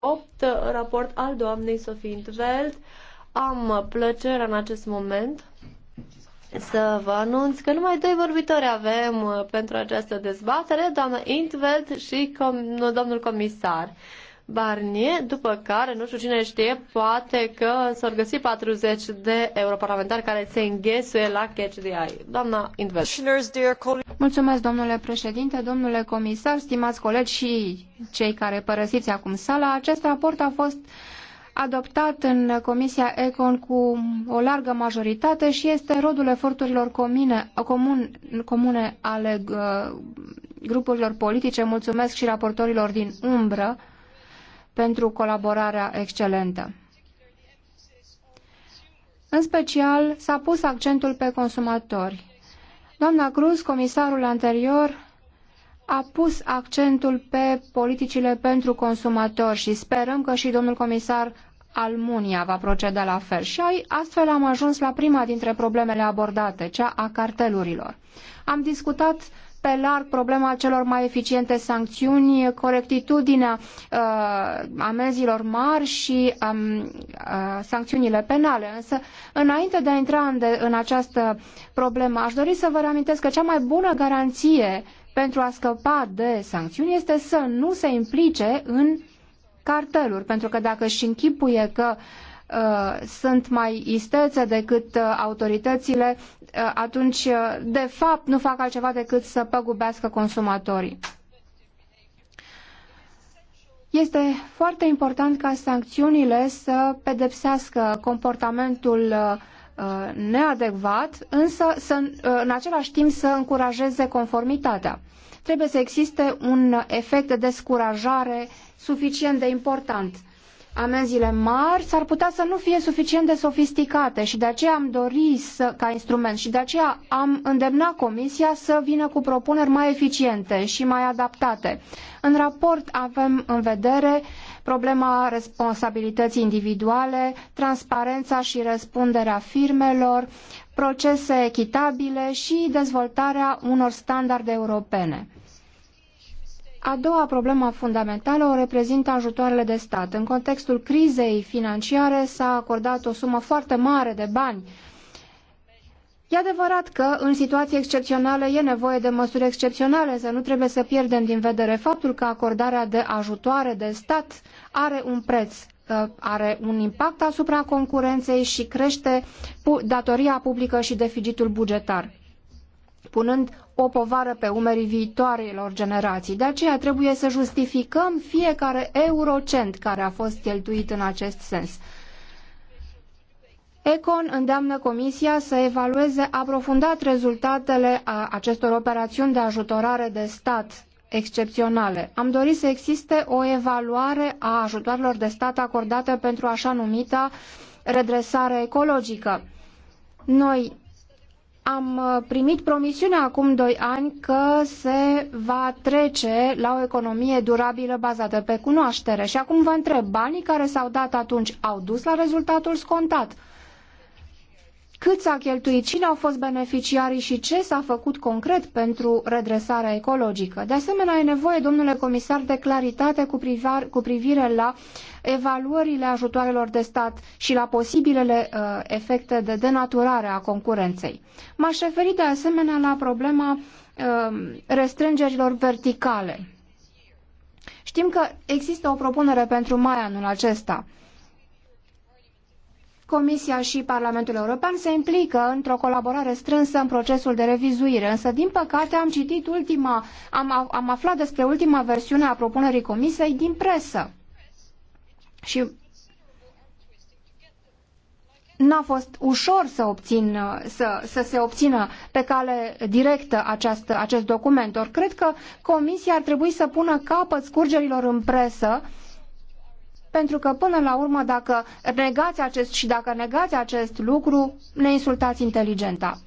8, uh, raport al doamnei Sofie Intveld. Am uh, plăcerea în acest moment să vă anunț că numai doi vorbitori avem uh, pentru această dezbatere, doamna Intveld și com- domnul comisar. Barnier, după care, nu știu cine știe, poate că s-ar găsi 40 de europarlamentari care se înghesuie la catch the eye. Doamna Invest. Mulțumesc, domnule președinte, domnule comisar, stimați colegi și cei care părăsiți acum sala. Acest raport a fost adoptat în Comisia Econ cu o largă majoritate și este rodul eforturilor comune, comun, comune ale uh, grupurilor politice. Mulțumesc și raportorilor din umbră pentru colaborarea excelentă. În special, s-a pus accentul pe consumatori. Doamna Cruz, comisarul anterior, a pus accentul pe politicile pentru consumatori și sperăm că și domnul comisar Almunia va proceda la fel. Și astfel am ajuns la prima dintre problemele abordate, cea a cartelurilor. Am discutat pe larg problema celor mai eficiente sancțiuni, corectitudinea uh, amenzilor mari și um, uh, sancțiunile penale. Însă, înainte de a intra în, de, în această problemă, aș dori să vă reamintesc că cea mai bună garanție pentru a scăpa de sancțiuni este să nu se implice în carteluri, pentru că dacă își închipuie că uh, Uh, sunt mai istețe decât uh, autoritățile, uh, atunci, de fapt, nu fac altceva decât să păgubească consumatorii. Este foarte important ca sancțiunile să pedepsească comportamentul neadecvat, însă să, în același timp să încurajeze conformitatea. Trebuie să existe un efect de descurajare suficient de important amenziile mari s-ar putea să nu fie suficient de sofisticate și de aceea am dorit să, ca instrument și de aceea am îndemnat Comisia să vină cu propuneri mai eficiente și mai adaptate. În raport avem în vedere problema responsabilității individuale, transparența și răspunderea firmelor, procese echitabile și dezvoltarea unor standarde europene. A doua problemă fundamentală o reprezintă ajutoarele de stat. În contextul crizei financiare s-a acordat o sumă foarte mare de bani. E adevărat că în situații excepționale e nevoie de măsuri excepționale, să nu trebuie să pierdem din vedere faptul că acordarea de ajutoare de stat are un preț ă, are un impact asupra concurenței și crește datoria publică și deficitul bugetar punând o povară pe umerii viitoarelor generații. De aceea trebuie să justificăm fiecare eurocent care a fost cheltuit în acest sens. Econ îndeamnă Comisia să evalueze aprofundat rezultatele acestor operațiuni de ajutorare de stat excepționale. Am dorit să existe o evaluare a ajutoarelor de stat acordate pentru așa numita redresare ecologică. Noi am uh, primit promisiunea acum doi ani că se va trece la o economie durabilă bazată pe cunoaștere. Și acum vă întreb, banii care s-au dat atunci au dus la rezultatul scontat? cât s-a cheltuit, cine au fost beneficiarii și ce s-a făcut concret pentru redresarea ecologică. De asemenea, e nevoie, domnule comisar, de claritate cu, cu privire la evaluările ajutoarelor de stat și la posibilele uh, efecte de denaturare a concurenței. M-aș referi de asemenea la problema uh, restrângerilor verticale. Știm că există o propunere pentru mai anul acesta. Uh, Comisia și Parlamentul European se implică într-o colaborare strânsă în procesul de revizuire, însă din păcate am citit ultima, am, am aflat despre ultima versiune a propunerii Comisiei din presă. Și n-a fost ușor să, obțin, să, să, se obțină pe cale directă această, acest document. Or, cred că Comisia ar trebui să pună capăt scurgerilor în presă uh, pentru că până la urmă dacă negați acest și dacă negați acest lucru, ne insultați inteligența.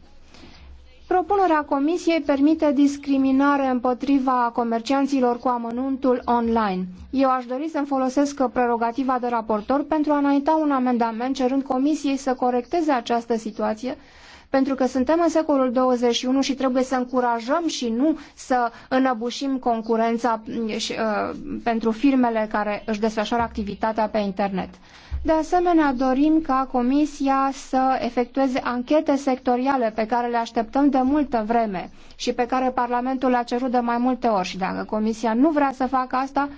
Propunerea Comisiei permite discriminare împotriva comercianților cu amănuntul online. Eu aș dori să-mi folosesc prerogativa de raportor pentru a înainta un amendament cerând Comisiei să corecteze această situație pentru că suntem în secolul 21 și trebuie să încurajăm și nu să înăbușim concurența pentru firmele care își desfășoară activitatea pe internet. De asemenea, dorim ca Comisia să efectueze anchete sectoriale pe care le așteptăm de multă vreme și pe care Parlamentul le-a cerut de mai multe ori și dacă Comisia nu vrea să facă asta,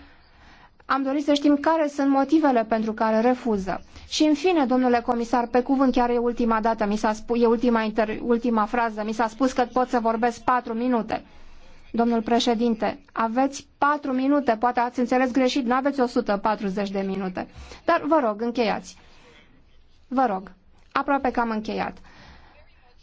am dorit să știm care sunt motivele pentru care refuză. Și în fine, domnule comisar, pe cuvânt chiar e ultima dată, mi s-a spus, e ultima, inter, ultima frază, mi s-a spus că pot să vorbesc patru minute. Domnul președinte, aveți patru minute, poate ați înțeles greșit, nu aveți 140 de minute. Dar vă rog, încheiați. Vă rog, aproape că am încheiat.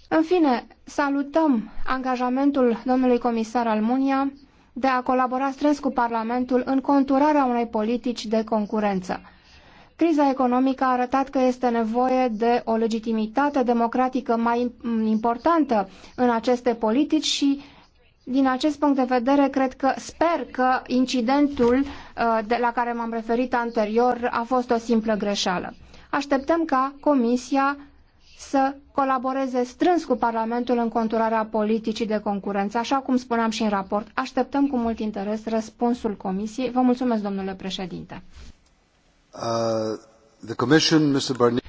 În fine, salutăm angajamentul domnului comisar Almunia, de a colabora strâns cu Parlamentul în conturarea unei politici de concurență. Criza economică a arătat că este nevoie de o legitimitate democratică mai importantă în aceste politici și din acest punct de vedere, cred că sper că incidentul uh, de la care m-am referit anterior a fost o simplă greșeală. Așteptăm ca Comisia să colaboreze strâns cu Parlamentul în conturarea politicii de concurență, așa cum spuneam și în raport. Așteptăm cu mult interes răspunsul Comisiei. Vă mulțumesc, domnule președinte. Uh, the commission, Mr. Barnier.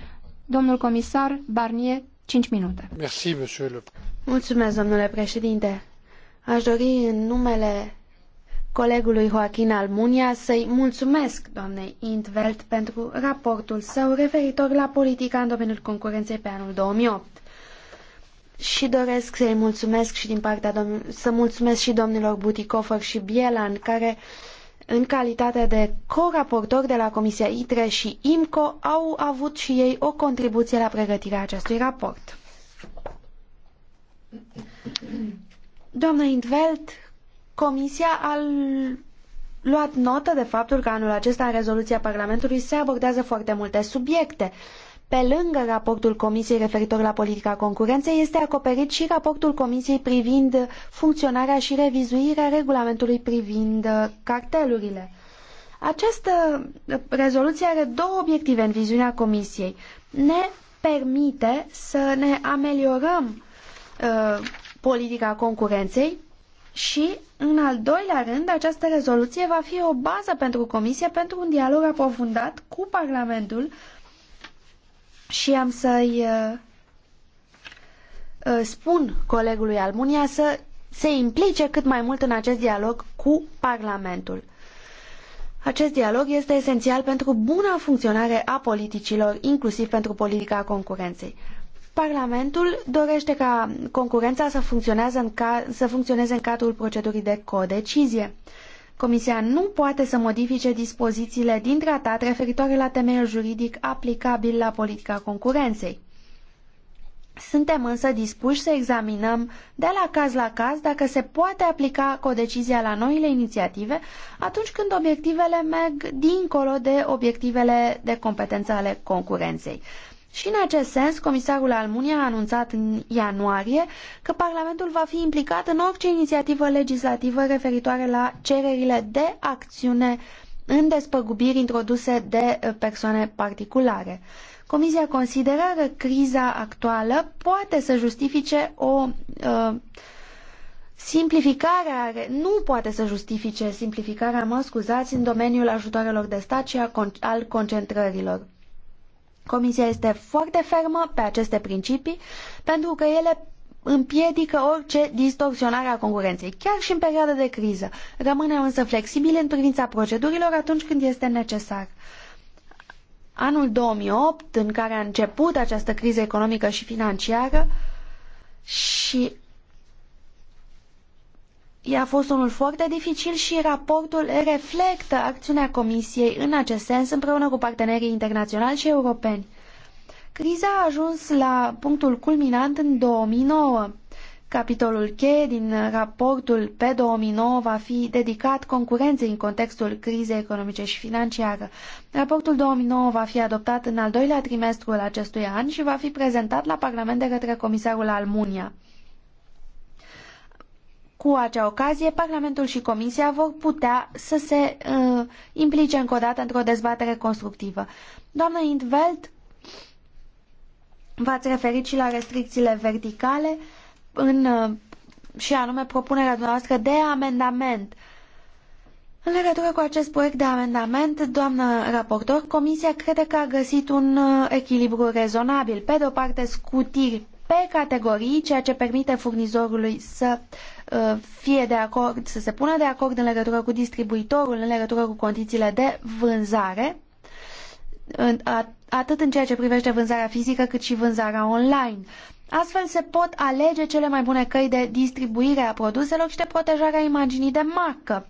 Domnul comisar Barnier, 5 minute. Merci, monsieur le... Mulțumesc, domnule președinte. Aș dori în numele colegului Joaquin Almunia să-i mulțumesc doamnei Intveld pentru raportul său referitor la politica în domeniul concurenței pe anul 2008. Și doresc să-i mulțumesc și din partea să mulțumesc și domnilor Buticofer și Bielan, care în calitate de co-raportori de la Comisia ITRE și IMCO au avut și ei o contribuție la pregătirea acestui raport. Doamna Intveld, Comisia a luat notă de faptul că anul acesta în rezoluția Parlamentului se abordează foarte multe subiecte. Pe lângă raportul Comisiei referitor la politica concurenței, este acoperit și raportul Comisiei privind funcționarea și revizuirea regulamentului privind uh, cartelurile. Această uh, rezoluție are două obiective în viziunea Comisiei. Ne permite să ne ameliorăm uh, politica concurenței și, în al doilea rând, această rezoluție va fi o bază pentru Comisie pentru un dialog aprofundat cu Parlamentul și am să-i uh, uh, spun colegului Almunia să se implice cât mai mult în acest dialog cu Parlamentul. Acest dialog este esențial pentru buna funcționare a politicilor, inclusiv pentru politica concurenței. Parlamentul dorește ca concurența să, în ca, să funcționeze în cadrul procedurii de codecizie. Comisia nu poate să modifice dispozițiile din tratat referitoare la temeiul juridic aplicabil la politica concurenței. Suntem însă dispuși să examinăm de la caz la caz dacă se poate aplica codecizia la noile inițiative atunci când obiectivele merg dincolo de obiectivele de competență ale concurenței. Și în acest sens, comisarul Almunia a anunțat în ianuarie că Parlamentul va fi implicat în orice inițiativă legislativă referitoare la cererile de acțiune în despăgubiri introduse de eh, persoane particulare. Comisia consideră că criza actuală poate să justifice o uh, simplificare, nu poate să justifice simplificarea, mă scuzați, în domeniul ajutoarelor de stat și a, al concentrărilor. Comisia este foarte fermă pe aceste principii pentru că ele împiedică orice distorsionare a concurenței, chiar și în perioada de criză. Rămânem însă flexibile în privința procedurilor atunci când este necesar. Anul 2008, în care a început această criză economică și financiară și a fost unul foarte dificil și raportul reflectă acțiunea Comisiei în acest sens împreună cu partenerii internaționali și europeni. Criza a ajuns la punctul culminant în 2009. Capitolul cheie din raportul pe 2009 va fi dedicat concurenței în contextul crizei economice și financiară. Raportul 2009 va fi adoptat în al doilea trimestru al acestui an și va fi prezentat la Parlament de către comisarul Almunia. Cu acea ocazie, Parlamentul și Comisia vor putea să se uh, implice încă o dată într-o dezbatere constructivă. Doamnă Intveld, v-ați referit și la restricțiile verticale în, uh, și anume propunerea dumneavoastră de amendament. În legătură cu acest proiect de amendament, doamnă raportor, Comisia crede că a găsit un uh, echilibru rezonabil. Pe de o parte, scutiri pe categorii, ceea ce permite furnizorului să uh, fie de acord, să se pună de acord în legătură cu distribuitorul, în legătură cu condițiile de vânzare, atât în ceea ce privește vânzarea fizică, cât și vânzarea online. Astfel se pot alege cele mai bune căi de distribuire a produselor și de protejarea imaginii de marcă.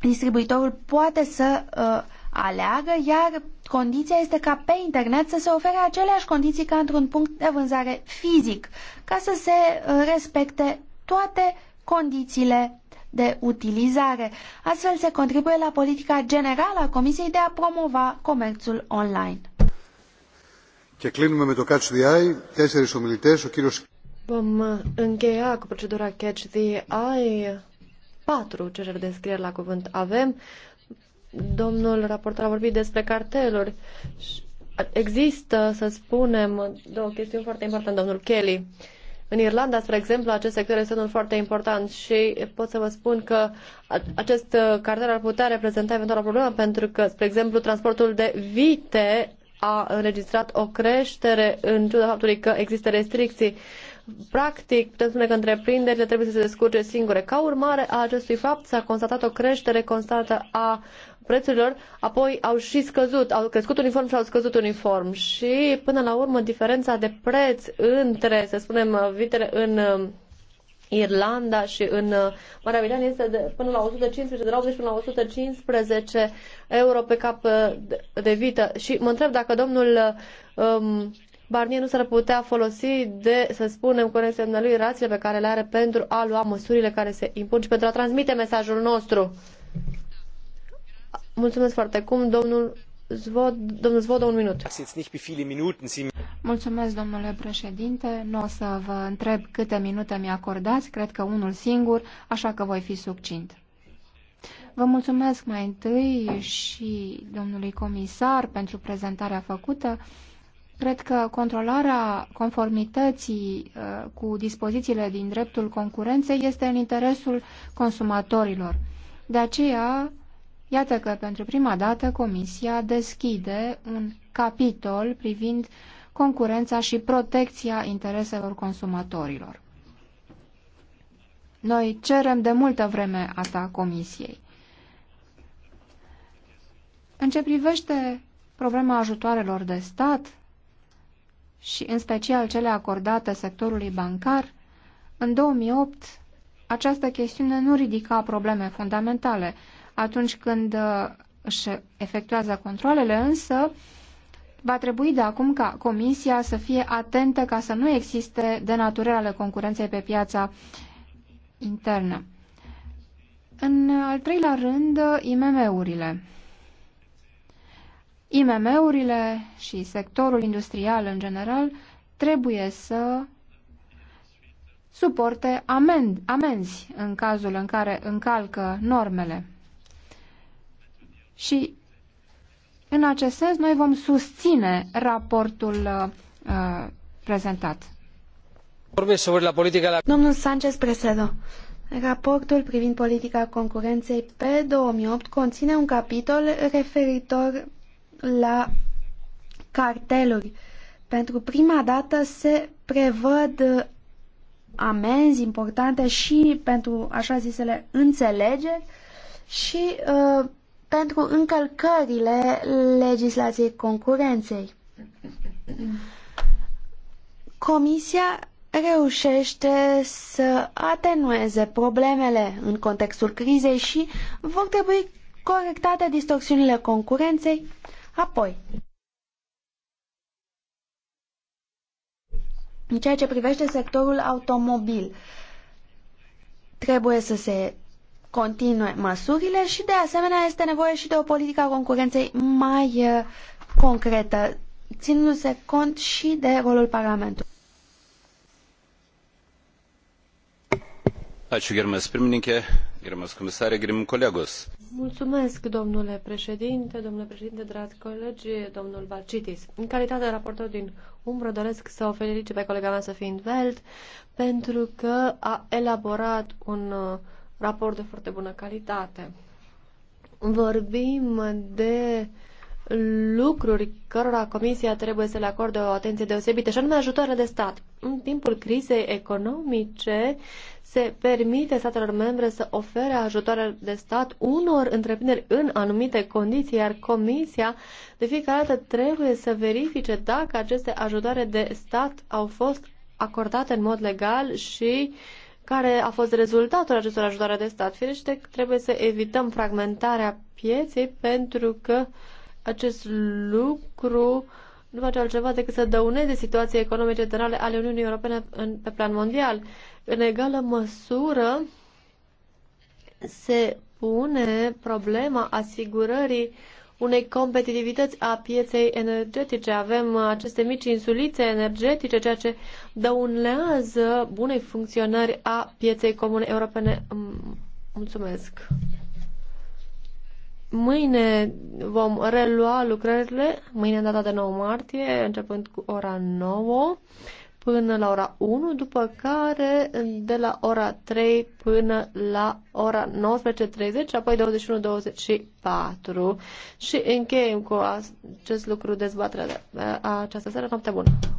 Distribuitorul poate să uh, aleagă, iar condiția este ca pe internet să se ofere aceleași condiții ca într-un punct de vânzare fizic, ca să se uh, respecte toate condițiile de utilizare. Astfel se contribuie la politica generală a Comisiei de a promova comerțul online. Και κλείνουμε με το Catch the Eye. Τέσσερις ομιλητές, ο κύριος... Vom uh, încheia cu procedura Catch the Eye. Patru cereri de scriere la cuvânt avem. Domnul raportor a vorbit despre carteluri. Există, să spunem, două chestiuni foarte importante, domnul Kelly. În Irlanda, spre exemplu, acest sector este unul foarte important și pot să vă spun că acest cartel ar putea reprezenta eventual o problemă pentru că, spre exemplu, transportul de vite a înregistrat o creștere în ciuda faptului că există restricții. Practic, putem spune că întreprinderile trebuie să se descurce singure. Ca urmare a acestui fapt, s-a constatat o creștere constată a prețurilor, apoi au și scăzut, au crescut uniform și au scăzut uniform. Și până la urmă diferența de preț între, să spunem, vitele în uh, Irlanda și în uh, Marea Britanie este de până la 115, de la 80 până la 115 euro pe cap uh, de vită. Și mă întreb dacă domnul um, Barnier nu s-ar putea folosi de, să spunem, cu lui rațiile pe care le are pentru a lua măsurile care se impun și pentru a transmite mesajul nostru. Mulțumesc foarte cum, domnul Zvod, domnul Zvod, un minut. Mulțumesc, domnule președinte. Nu o să vă întreb câte minute mi-acordați, cred că unul singur, așa că voi fi succint. Vă mulțumesc mai întâi și domnului comisar pentru prezentarea făcută. Cred că controlarea conformității uh, cu dispozițiile din dreptul concurenței este în interesul consumatorilor. De aceea, Iată că pentru prima dată Comisia deschide un capitol privind concurența și protecția intereselor consumatorilor. Noi cerem de multă vreme asta Comisiei. În ce privește problema ajutoarelor de stat și în special cele acordate sectorului bancar, în 2008 această chestiune nu ridica probleme fundamentale, atunci când uh, își efectuează controlele, însă va trebui de acum ca Comisia să fie atentă ca să nu existe denaturări ale concurenței pe piața internă. În al treilea rând, IMM-urile. IMM-urile și sectorul industrial în general trebuie să suporte amenzi în cazul în care încalcă normele. Și în acest sens noi vom susține raportul uh, prezentat. Domnul Sanchez Presedo, raportul privind politica concurenței pe 2008 conține un capitol referitor la carteluri. Pentru prima dată se prevăd amenzi importante și pentru așa zisele înțelegeri și uh, pentru încălcările legislației concurenței. Comisia reușește să atenueze problemele în contextul crizei și vor trebui corectate distorsiunile concurenței apoi. În ceea ce privește sectorul automobil, trebuie să se continue măsurile și de asemenea este nevoie și de o politică a concurenței mai uh, concretă, ținându-se cont și de rolul Parlamentului. Ačiū, gerbiamas pirmininkė, gerbiamas komisarė, gerbiami kolegos. Mulțumesc, domnule președinte, domnule președinte, dragi colegi, domnul Balcitis. În calitate de raportor din umbră, doresc să o felicit pe colega mea, Sofie Veld, pentru că a elaborat un uh, raport de foarte bună calitate. Vorbim de lucruri cărora Comisia trebuie să le acorde o atenție deosebită, și anume ajutoare de stat. În timpul crizei economice se permite statelor membre să ofere ajutoare de stat unor întreprinderi în anumite condiții, iar Comisia de fiecare dată trebuie să verifice dacă aceste ajutoare de stat au fost acordate în mod legal și uh, care a fost rezultatul acestor ajutoare de stat. Firește, trebuie să evităm fragmentarea pieței pentru că acest lucru nu face altceva decât să dăuneze situații economice generale ale Uniunii Europene în, pe plan mondial. În egală măsură se pune problema asigurării uh, unei competitivități a pieței energetice. Avem aceste mici insulițe energetice, ceea ce dăunează bunei funcționări a pieței comune europene. Mm, mulțumesc! Mâine vom relua lucrările, mâine data de 9 martie, începând cu ora 9 până la ora 1, după care de la ora 3 până la ora 19.30, apoi 21.24. Și încheiem cu acest lucru dezbaterea de această seară. Noapte bună!